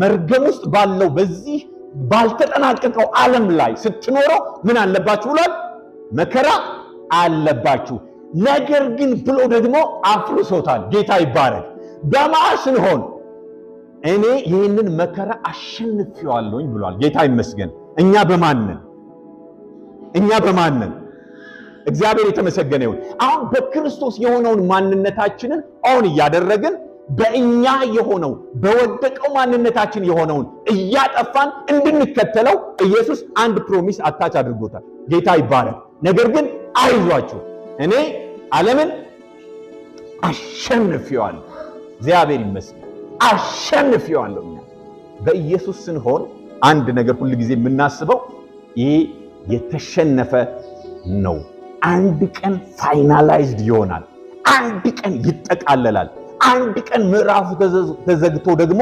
መርገም ውስጥ ባለው በዚህ ባልተጠናቀቀው ዓለም ላይ ስትኖረው ምን አለባችሁ ብሏል? መከራ አለባችሁ። ነገር ግን ብሎ ደግሞ አፍርሶታል። ጌታ ይባረግ በማ ስንሆን እኔ ይህንን መከራ አሸንፌዋለሁኝ ብሏል። ጌታ ይመስገን። እኛ በማንን እኛ በማንን እግዚአብሔር የተመሰገነ ይሁን። አሁን በክርስቶስ የሆነውን ማንነታችንን አሁን እያደረግን በእኛ የሆነው በወደቀው ማንነታችን የሆነውን እያጠፋን እንድንከተለው ኢየሱስ አንድ ፕሮሚስ አታች አድርጎታል። ጌታ ይባረክ። ነገር ግን አይዟችሁ እኔ ዓለምን አሸንፌዋለሁ። እግዚአብሔር ይመስገን አሸንፌዋለሁ። እኛ በኢየሱስ ስንሆን አንድ ነገር ሁል ጊዜ የምናስበው ይህ የተሸነፈ ነው። አንድ ቀን ፋይናላይዝድ ይሆናል። አንድ ቀን ይጠቃለላል። አንድ ቀን ምዕራፉ ተዘግቶ ደግሞ